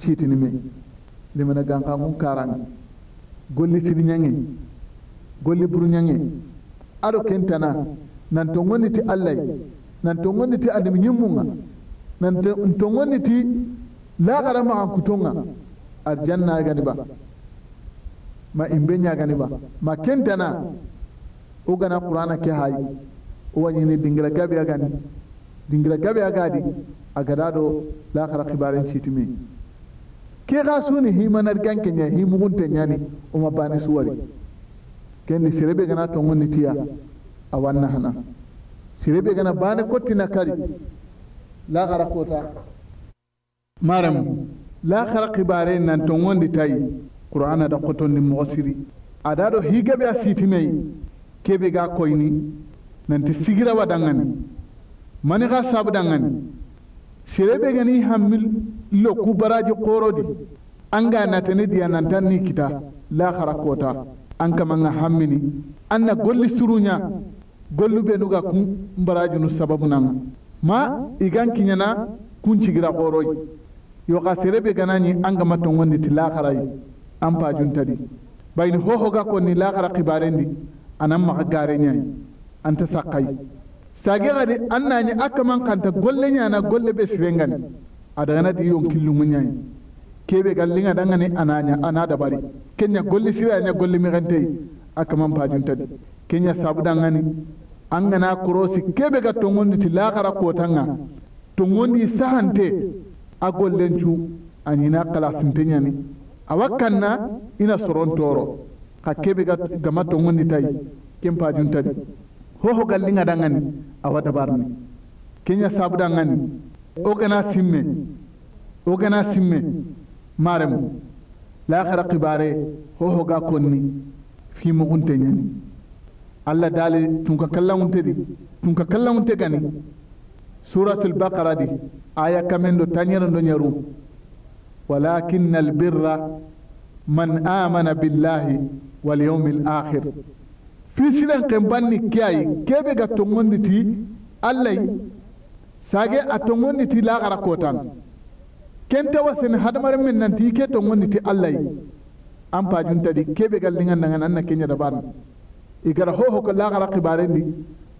ciitinimi limana ganka ngun karan golli sini ñangi golli buru ñangi ado kentana nan to gonniti allay nan to gonniti adami ñimmunga nan ti gonniti laxara maxan kutonga arjanna gani ba ma imbe gani ba ma kentana wo gana qur'ana ke hay wo wañini dingira gabe a gani dingira gabe a gadi a gada ɗo laxara xibaren ciitumi ke ga suni himanar ganke nya himugunte nyani uma bani suwari kendi sirebe gana tongoni tiya awanna hana sirebe gana bani kottina kari la gara kota maram la gara kibare nan tongondi tayi qur'ana da kotondi mogosiri ada do higabe a sitimei kebe ga koyni ti sigira wa dangani mani ga sabu dangani sirebe gani hammil lo ku baraji di. an ga natani diyanantan ni kita lahara kota an kama nga hammini an na golli surunya gollu nuga ku kun nu sababu nan ma igan kinyana kun cigira koroi yo ka gana ganani an ga maton wanda ti lahara yi an jun tadi bayin hoho ga ko ni lahara kibarendi anan maka gare nya an ta sakai sagira di de an nani akaman kanta golle nyana golle be sirengani adaganati yon killungu ñayi kebe ga linga ne ananya ana dabari kenya golli sira nya golli mi gante akaman pajun tadi kenya sabu dangani angana korosi kebe ga tongondi tilakara kotanga tongondi sahante a gollencu anyina A ñani awakkanna ina soron toro ka kebe ga gama tongondi tayi ken pajun tadi danga ne dangani awa dabarni kenya sabu ngani. wo gana simme wo gana simme maremu laakara kibare ho hoga konni fimogunte ñani allah daali tunka kallaŋunte di tunka hunte gani suratul bakara di aya kamen do tañerendo ñaru walakinna albirra man amana billahi walyaumi alakhir fi siren fi banni ke ayi kebe ga tongondi ti allay sage a tongondi ti lagara kotan kenta wasini hadamaren min nanti ke tongondi ti allah yi an pajuntadi kebe gallingan nan nan na kenyada ban igara hoho ko lagara ni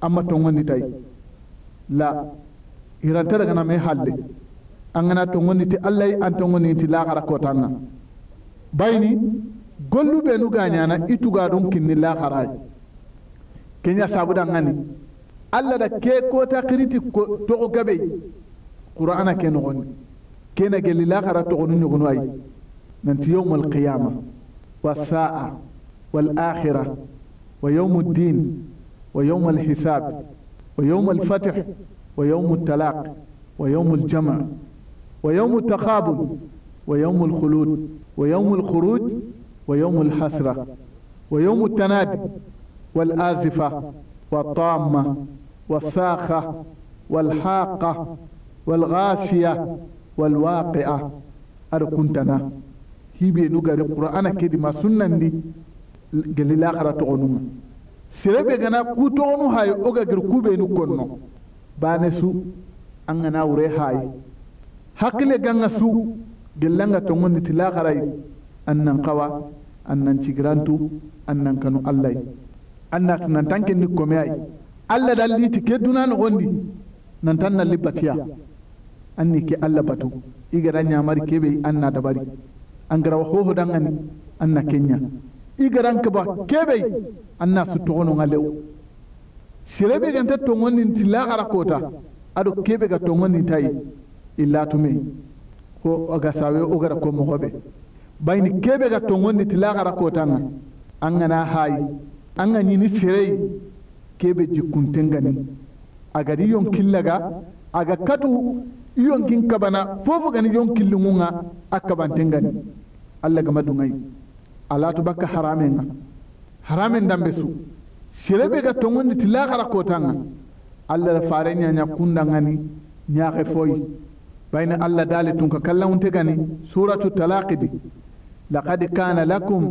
amma tongondi tai la iranta daga na mai halle an gana tongondi ti allai yi an tongondi ti lagara kotan na bayni gollu benu ganyana itu gadon kinni lagara kenya sabu dangani alla da ke kota kiriti togo gabe qur'ana ke nogoni kena gelli laxara togonu ñogonu ay nanti yowma alqiyama wasaa walakhira wa yowmu ddin wa yowma alhisab wa yowma alfatih wa yowmu altalaq wa yowmu aljama wa yowmu altakabun wa yowmu alkhulud wa yowmu alkhuruj wa yowmu alhasra wa yowmu altanadi walazifa والطامه والساخة والحاقة والغاشية والواقعة أركنتنا hibe nu gari qur'ana kedi ma sunnan di gelli lakhara togonuma sirebe gana ku togonu hay oga gir kube nu konno bane su an gana wure hay hakile ganga su gellanga tongonni ti lakharai annan qawa annan cigirantu annan kanu allai anna tunan tanken ni komeyai Allah da ti ke duna no gondi nan tan na libatiya anni ke Allah batu igara nyamari kebe anna dabari an garawa hoho dan an anna kenya igaran ka ba kebe anna su togono ngalew sirebe ganta tongoni ti gara kota ado kebe ga tongoni tai illa tume ko aga sawe gara ko mo hobe bayni kebe ga tongoni ti gara kota an ngana hayi an ngani ni sirei kebe yankin laga a ga katu yankin kabana fofu gani yonkillungunga a kabantengani allah gama dungayi alatu bakka haramenga haramen dambe su sirebe ga tongondi tilla kara kotanga allah da fare kunda kundangani ñaxe foyi bayna allah dali tun ka kallawunte gani suratu talaqidi laqad kana lakum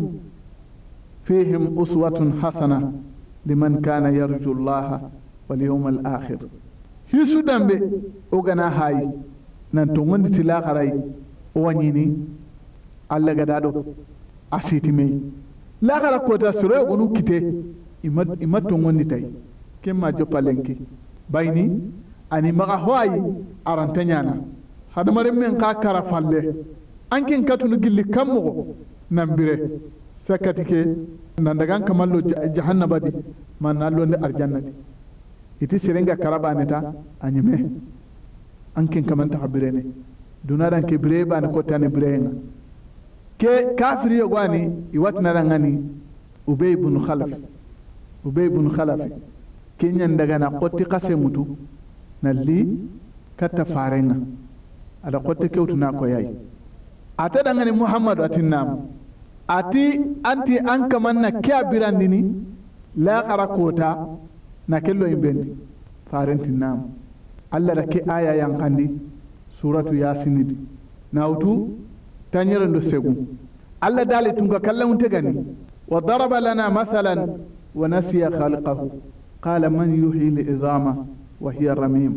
fihim uswatun hasana liman kana yarju llaha wal yawmal akhir hisu dambe o gana hayi nan to ngondi tilakarai o wanyini Allah gada do asiti mei lakara kota soro gonu kite imat to ngondi tai kemma jopalenki bayni ani maga hoayi aranta ñana men ka kara falle an kin katunu gilli kan nambire nan fekkati ke kamar kamallo jahannaba di ma na lo ni aljanna di iti serenga karabaneta a ñeme an kin kamar ken kamantaxa birene dunadan ke bire ba ko ta bani bire bireyenga ke kafiri ya gwani yogwani iwatinarangani ubey bunu khalafi ubey bunu khalafi ke na qotti xase mutu na li katta farenga ada qotte kewtuna koyayi ata dangani muhammadu atin namu ati anti an kaman na ke a birandini laakara kota na ke loyin bendi farentin namu allah da ke aya yankandi suratu hutu nawutu tañerendo segu allah dali tun ka kallanŋunte gani wa daraba lana mathalan wa nasiya halqahu qala man yuhyi lizama wa hiya ramim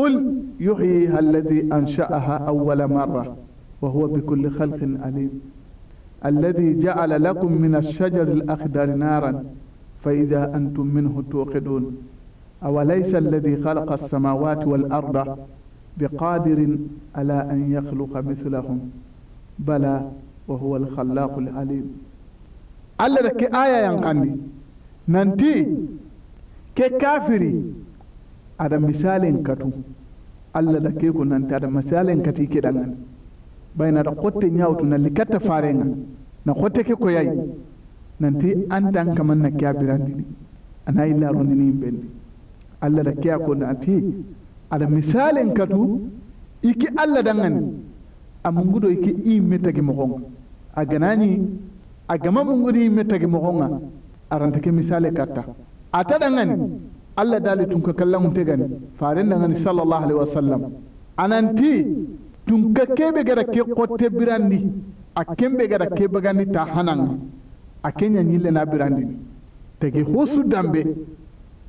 قل يحييها الذي أنشأها أول مرة وهو بكل خلق عليم الذي جعل لكم من الشجر الأخضر نارا فإذا أنتم منه توقدون أوليس الذي خلق السماوات والأرض بقادر على أن يخلق مثلهم بلى وهو الخلاق العليم الله دك آية ينقني ننتي ككافري هذا مثال كتو الله دك يكون ننتي هذا مثال كتي كدنان baynata xotte ñawtuna li katta farenga na xotte ke koyay nanti an dan kaman na ke a birandini ana ni yimɓendi allah da ke a ko nanti ala misalen katu iki allah dangani a mungudo iki i meta ke moxonga a ganani a gama mungudi yimme a moxonga aranta ke misale katta ata dangani allah dali tun ka kallangunte gani faren dangani sallallahu alaihi wasallam ananti tunka kebe gara ke kote birandi a kembe gara ke bagandi ta hananga a kenya nyille na birandi ni tege hosu dambe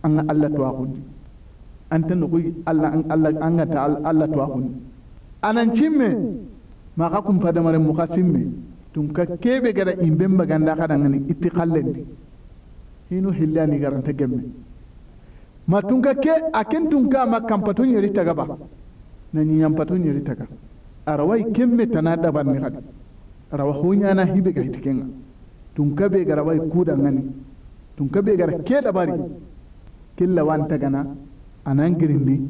an Allah tuwa akundi an ta nuku Allah an Allah an ta Allah to akundi anan cimme ma ka kun fada mare mukasimme tunka kebe gara imbe baganda kadanga ni itikallandi hinu ni garanta gemme ma ka ke tun tunka ma kampatun yari tagaba na yan patu ñeri taka arawai kembe tana daban ni hadi arawa na hibe ga hiti tun kabe gara wai kuda ngani tun kabe gara ke dabari killa wan tagana anan girindi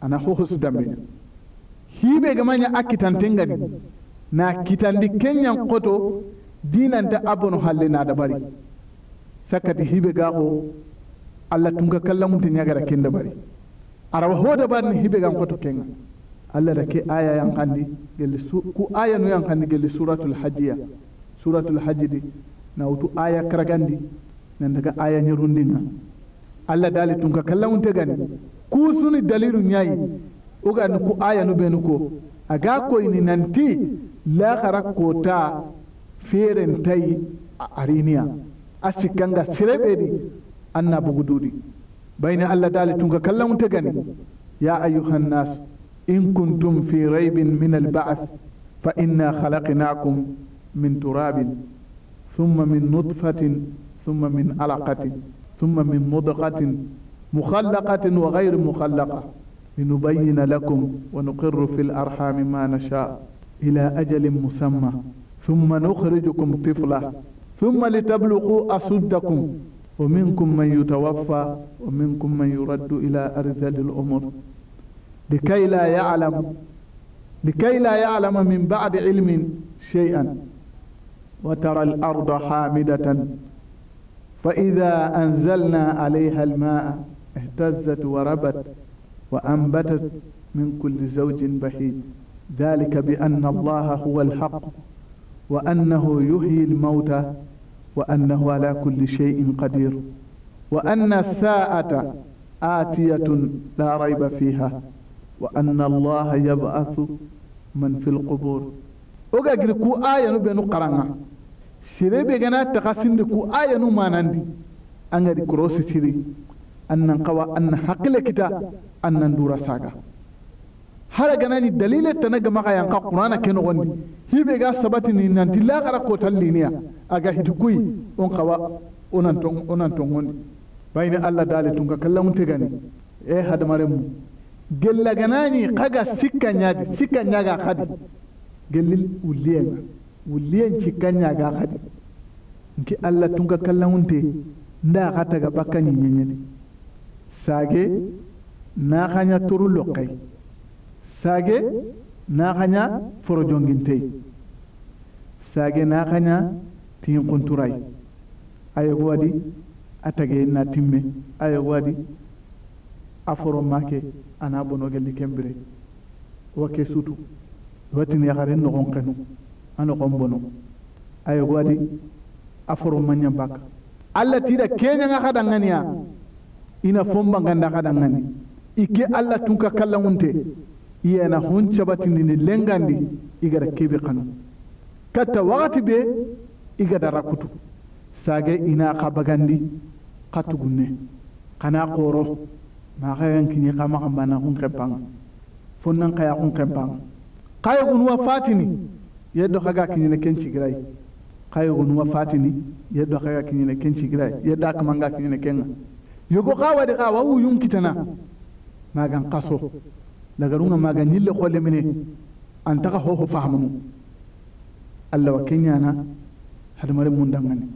ana hohosu dambe hibe ga manya akitantengani na kitandi kenyan koto dinanta abun halle na bari sakati hibe gaho allah tunga kallamunte kin ken bari. ara da ban hibe gan koto kenga Allah da ke aya yang kandi gelli ku aya nu yang kandi gelli suratul hajjiya suratul hajji na utu aya karagandi nan daga aya nyirundinga Allah dali tun ka kallawun te gani ku suni dalilu nyai uga nu ku aya nu benu ko aga ko ini nanti la kota feren tai ariniya asikanga sirebedi anna bugududi بين الله دالي تونك كلام تغني يا أيها الناس إن كنتم في ريب من البعث فإنا خلقناكم من تراب ثم من نطفة ثم من علقة ثم من مضغة مخلقة وغير مخلقة لنبين لكم ونقر في الأرحام ما نشاء إلى أجل مسمى ثم نخرجكم طفلة ثم لتبلغوا أسدكم ومنكم من يتوفى ومنكم من يرد إلى أرذل الأمور لكي لا يعلم لكي لا يعلم من بعد علم شيئا وترى الأرض حامدة فإذا أنزلنا عليها الماء اهتزت وربت وأنبتت من كل زوج بهيج ذلك بأن الله هو الحق وأنه يحيي الموتى وأنه على كل شيء قدير وأن الساعة آتية لا ريب فيها وأن الله يبعث من في القبور ogagiri ku ayanu benu karanga sire be gana takasindi ku ayanu manandi angadi korosi siri annan kawa an hakile kita annan dura saga hara ganani dalile tana gama ga yanka qur'ana ke nogondi hibe ga sabati ni nanti la gara ko tallinia aga hitukui on kawa onan ton onan ton gondi bayni alla dale tun ka kallamun tegani e hadamare mu gella ganani kaga sikka nyaadi sikka nyaaga khadi gellil uliyen uliyen cikka nyaaga khadi nki alla tun ka kallamun te nda khata ga bakka ni nyenyeni sage na kanya turu lokai sage naxaña foro jongintey sage naxaña tin xunturay a yogo wadi a tageyen na timme a wadi aforo a foro make a na bono gelli kenbire wa ke sutu watin yaxaren noxon xenu a noxon bono a yogo adi a foro maña baka allah tida keñanga xadanganiya ina fombangandaxadangani i ke allah tunka kallangunte iyana hun cabatindini lengandi igara kebe kanu katta wakati be igada rakutu sage ina ka bagandi ka gunne kana koro maxayan kini xa maxan bana xun xempanga fonnan hun xun kayo gun wa fatini yeddo ne kenci girai kayo gun wa fatini yeddo kini ne kenci girai yedda kamanga kiñene kenga yogo xa wadi xa wa yunkitana kitana magan kaso daga runga magani le qolle mine an taga hoho fahamunu allah wa kenyana hadamare mun dangane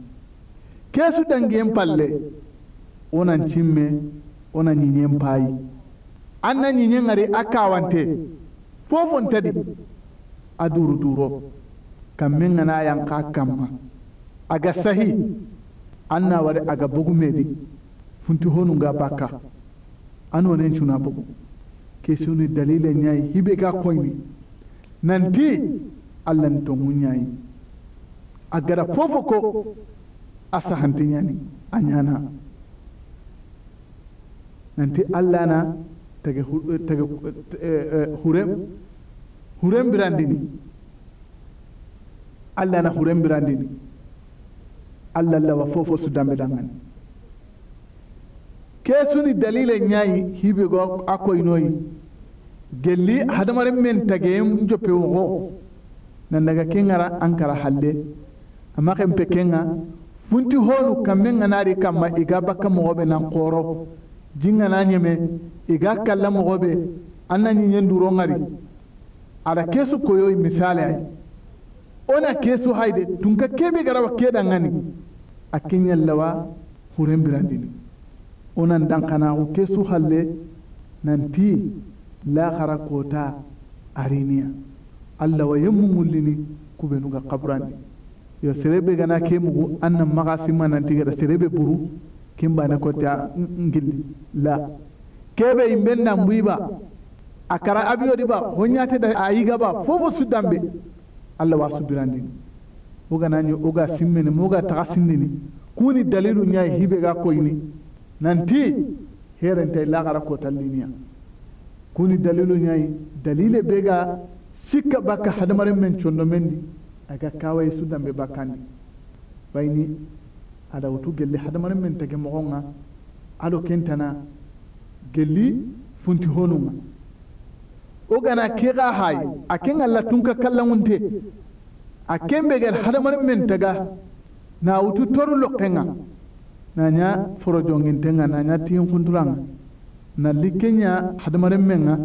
kesu dangiyen palle wonan cimme wona ñiñen paayi an na ñiñen ari a kawante fofon tadi a duro kam min ŋana yanka A aga sahi an na wari aga bogu medi funti honunga baka an wani cuna bugu. ke suni dalila ñayi hibe ga koyni nan ti allan tongu ñayi a gara fofo ko a sahanti yani a nan ti allah na tage eh, tage eh, eh, hurem hurem birandini allah na hurem birandini allah wa fofo su dambe dangani kesuni dalila nyai hibe go a koynoyi gelli hadamaren men tageyem joppe woxo nandaga ke ngara an kara halle amma ken pe kenga funti holu kamme nganari kamma iga bakka mogoɓe nan koro jinga nan yeme iga kalla mogoɓe an na ñiñen duro ngari ara kesu koyoyi misale ay ona kesu haide tunka kebe garawa kedan ngani a keñallawa huren unan dankana ke su halle nanti lahara kota ariniya allah wa yemmu mullini ga kaburandi yo serebe gana ke mugu annan maga simma nanti gada serebe buru kimbane na kota ngilli la kebe imben nambuyiba a kara abiyodi ba te da a fo ba fofo dambe, allah wa subirandini oga naño uga simmene muga taga sindini kuni dalilu nyaa hibe ga koyni nanti herente lagara kotallinia kuni dalilu nyai dalile be ga sikka baka hadamaren men condo men di aga kawai su dambe bakkandi bayni ada wutu gelli hadamaren men tege mogonga ado kentana gelli funti honunga o gana ke ga hay a ken alla tunka kallangunte a ken be gel hadamaren men taga na wutu toru lokkenga nanya foro jongintenga nanya tin kunturanga na likenya hadamaren menga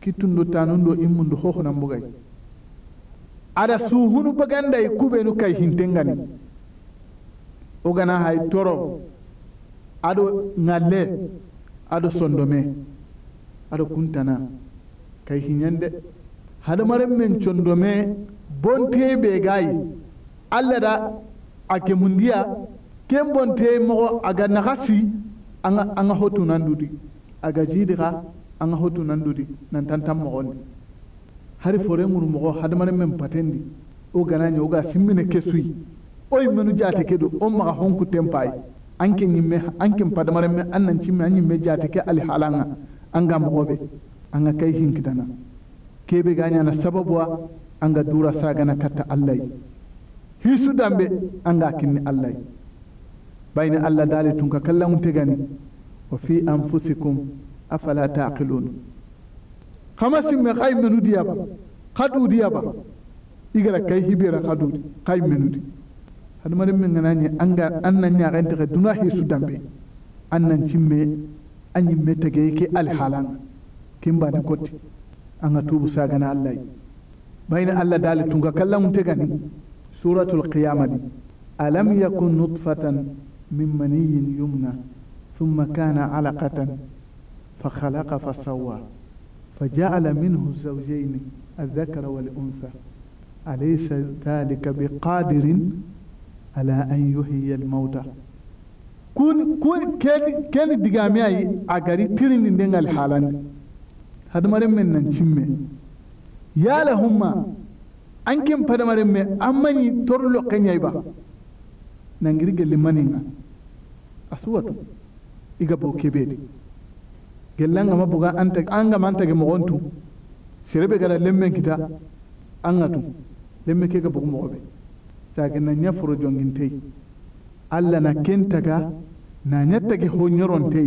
kitundu tanundu tanundo immundu hohonan bugay ada suhunu bagandai kubenu kai hintengani ogana hay toro ado ngalle ado sondome ado kuntana kai hinyande hadamaren men condome bontebe gayi allah da ake mundiya ken bonte mogo aga nagasi anga anga hotu nan dudi aga jidixa anga hotu nan dudi nan tantan mogondi hari fore ŋuru mogo hadamaren men patendi o wo ganañe woga simmine kesui o oyi menu jate o do wo maxa honkuten payi an ke ñimme an ken padamaren me an nan cimme a ñimme jate ke alihalanga an ga mogoɓe an ga kay hinkitana kebe gañana sababuwa an ga dura sagana katta allah yi hisu dambe an ga kinni allah bayni allah tun ka kallan kallamum tegani wa fi anfusikum afala taqilun kama simme kay menudiyaba kadudiyaba igara kay hibira kadudi kay menudi hadamaren min ganani anga annan ñaxen texe duna hisu dambe annan cimme a ñimme tege ke alhalanga kin bani kotti anga tubu sagana allahy bayna allah dali tunga kallamunte gani suratul qiyama di alam yakun nutfatan من مني يمنى ثم كان علقة فخلق فسوى فجعل منه الزوجين الذكر والأنثى أليس ذلك بقادر على أن يحيي الموتى kun kun ken digami ayi a gari tirin din den alhalan hadmarin nan cimme ya lahumma an kin fadmarin an manyi ba nangiri gelli maninga asuwatu iga boke bedi gellan mabuga buga anta an gama anta ge mogontu serebe gala lemmen kita an tu lemme ke ga bugu mogobe sage na nya furo jongin tei alla na kentaga na nya tage ho ta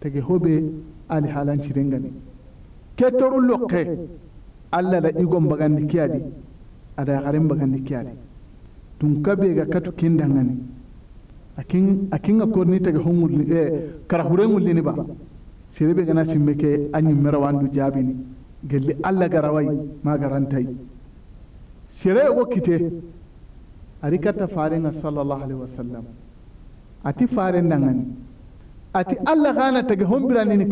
tage hobe ali halan cirengani ke toru lokke alla la igon bagandi kiyadi ada garin bagandi kiyadi tun kabe ga katu kin dangane, a kin ga korni ta ga hungul eh karahure ngul ni ba sirebe gana simme ke anyi ne, jabini Allah alla garawai ma garantai sire ya kite ari katta na sallallahu alaihi wasallam ati a ti Allah alla gana ta ga hombirani ni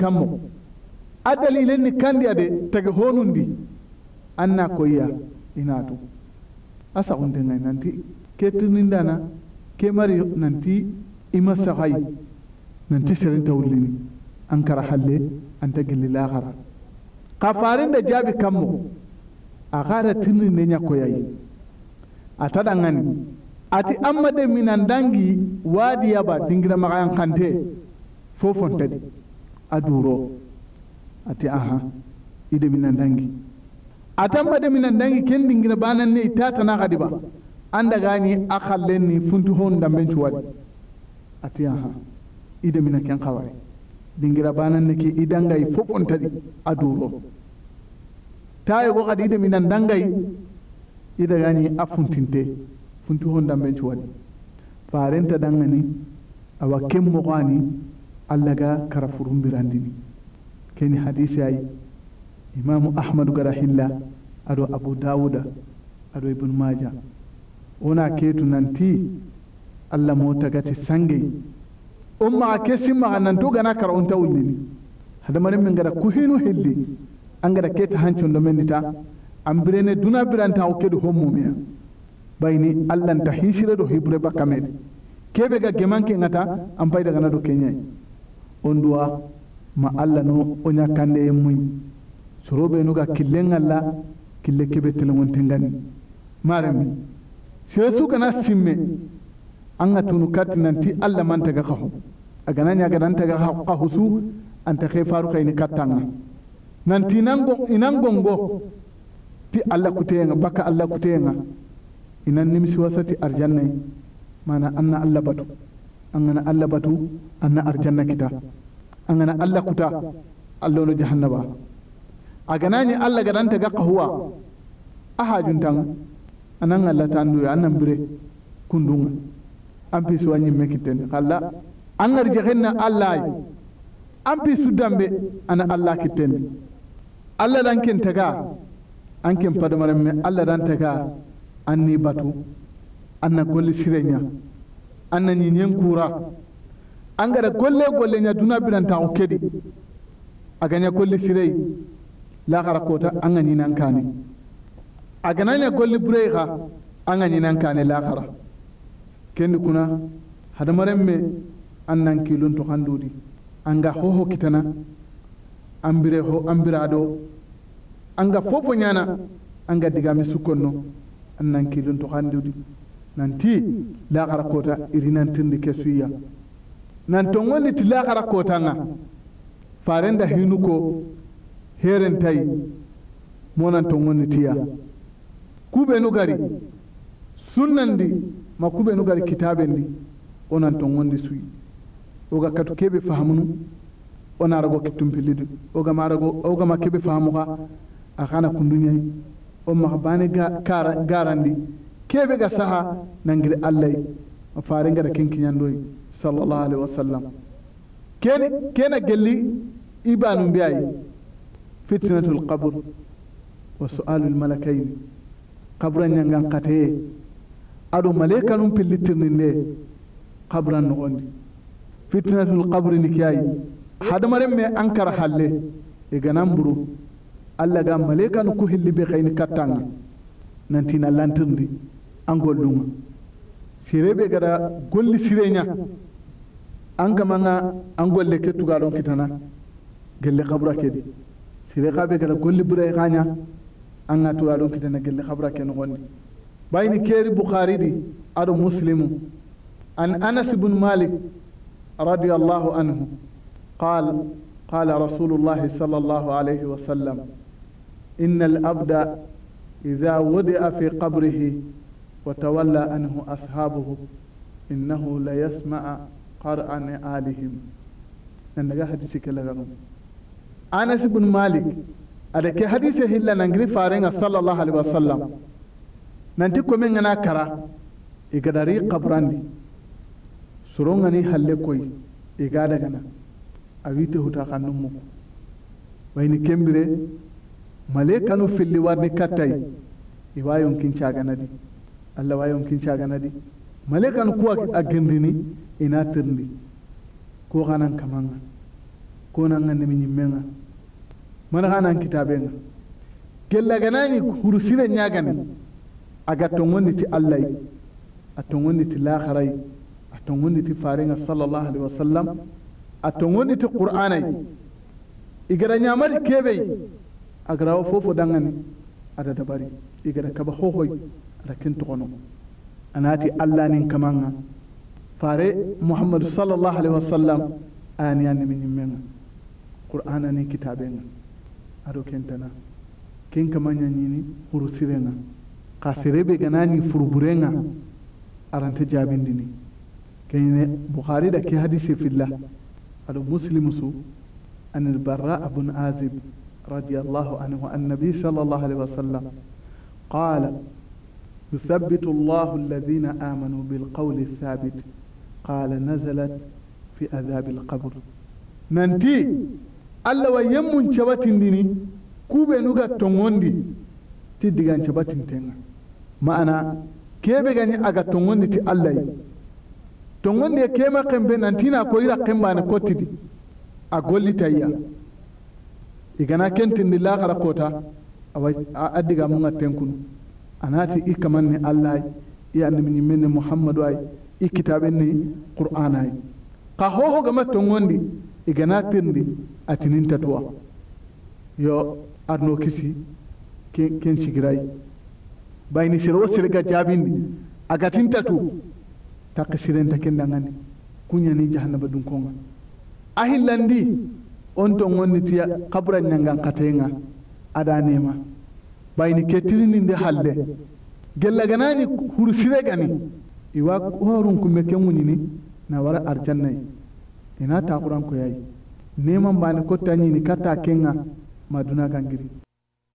a dalilin ni kandi da ta ga honundi koya ina to asa unte ngai nanti ke tirnindana ke mari nanti ima sahai nanti serenta wullini an kara halle anta gilli lahara ka farin da jabi kammo a gara tirninde ñakkoyayi a ta ngani ati amma de minan dangi ba waadiyaba dingiramagayan kante fo fontadi a duro ati aha ide minan dangi atamma da minan dangi ken dingina banan ne ta na gadi ba an daga ni akallen ni funtu hon wadi a atiya ha ida minan ken kawai dingira banan ne ke idan gai fofon tadi a duro ta yi kokari ida minan dangai ida gani a funtinte funtu hon damben cuwadi farenta dangani awa ken mogani allaga karafurun furun birandini ni hadisi ayi imamu ahmad gara hilla aɗo abu dawuda aɗo ibn maja wona keetu nanti allah mo gati sangey on maxa ke simmaxa nanto gana ta onta wullini hadamaren min gada kuhinu hilli an gada keta hancondo men nita an birene duna biranta o kedu hommumiya bayni allah ta hisira do hibre bakkamede kebe ga gemanke ngata an payda gana do keñayi on duwa ma allah no o kande e sorobe nuga killen alla kille kebe telengon tengani marami siresu kana simme an ga tunu kati nanti alla man taga kahu agana nya ga dan ga kahu su an ta kai faru kai ni katanga nanti nan ti inan gongo ti alla kutenga baka alla kutenga inan nimsi wasati arjanna mana anna alla batu an gana alla batu anna arjanna kita an gana alla kuta allono jahannaba a ganani alla gananta ga kahuwa a Allah ta nuna a nan bire kundun an pisu a ñimme kitteni kalla an ngar Allah yi an su dambe ana alla kittendi alla dan ta taga an ken mara me alla dan taga an ni batu an na golli sirenña an na ñiñen kura an gada golle golle ya duna biranta kedi a gaña golli sirey lagara kota an ga ɲinan kane a gana ya golli burei xa an ga ɲinan kane lagara kendi kuna hadamaren me an nan kilun toxan dudi an ga hoho kitana an bire ho an bira do an ga fofo an ga digami sukkonno an nan kilun dodi dudi nanti lagara kota irinantindi tindi suya nan tongondi ti lagara kota nga farenda hinu ko heren tayi monan ton wani tiya kuɓe nugari di ma kuɓe nugari kitaɓe di onan wani wondi suyi oga katu keɓe famunu ona rago kettumpillidu ogama rago ogama keɓe famuka akana kunduñayi on maha bane garandi keɓe ga saha nangiri allahy ma faare ngara kenkiñandoyi sallallahu alaihi wa sallam kena gelli ibanu mbiyayi fitnatul qabr wa su'alul malakain kabra ñangan kate aɗo malaika num pellitirni nde kabran no ondi fitnatul qabri ni kiyayi hadamaren me ankara halle e ganan buru allah ga malaika no ku hilli be kayni kattanga nantina lantirndi an golluma sireɓe gada golli sireña an gamanga an golle kettugaɗon kitana gelle kabra kedi sire xabe gada golli e kanya xaña anga tura don kitana gelli xabra ke noxondi bayni keri bukhari di aɗo muslimu an anas bun malik radi الله عنه قال قال رسول الله صلى الله عليه وسلم إن الأبد إذا وضع في قبره وتولى عنه أصحابه إنه ليسمع قرأ آلهم hadisi kala لغنم anas ibn malik ke hadise hilla nangiri a sallallahu alaihi wasallam ti komin ngana kara igadari qabrandi surongani halle koy gada gana awite huta kannum muku wayni kembire malekanu filli warni kattay iwa yonkincaganadi allah wa yonkincaganadi malekanu kuwa a gendini ina tirndi ko kanan kamanga Ko kona ngande mi nyimmenga mana kana kitabenga gella nya ga nyagane aga tongondi ti allah a tongondi ti laharai a tongondi ti farenga sallallahu alaihi wasallam a tongondi ti qur'anai igara nyamari kebe agara wo fofo dangani ada dabari igara kaba hohoy ada kintogono anati allah nin kamanga fare muhammad sallallahu alaihi wasallam ani ani min nyimmenga qur'ana ni kitabenga ado kentana ken kamanya nyini hurusirenga kasirebe ganani furuburenga arante jabindini kenyine bukhari da ke hadisi fillah ado muslimu su an barra ibn azib radiyallahu anhu annabi sallallahu alaihi wasallam qala يثبت الله الذين آمنوا بالقول الثابت قال نزلت في أذاب القبر ننتي Allah wa yemmun cabatindini kuɓenu ga tongondi ti digan tenga ma'ana kebe gani aga tongondi ti allah yi tongondi ma kema kembe tina ko ira koti di a gollitayya igana kentindi lakara kota a diga munga tenkunu anati i ni allah yi i annimiñimmenne muhammadu ay i ni qur'an ay ka hohogama tongondi igana tindi atinin tatuwa yo arno kisi ken, ken sigirai bayni sira wo sirga jaabindi tin tatu ta kin dangane kunya ni jahannaba dun konga ahin landi on ton tiya kabura ñangan katenga ada nema bayni kettirininde halle huru hursire gani iwa horun kumme kemuni ni na wara arjannayi ina yayi neman bani kotta ni katta kenga ma duna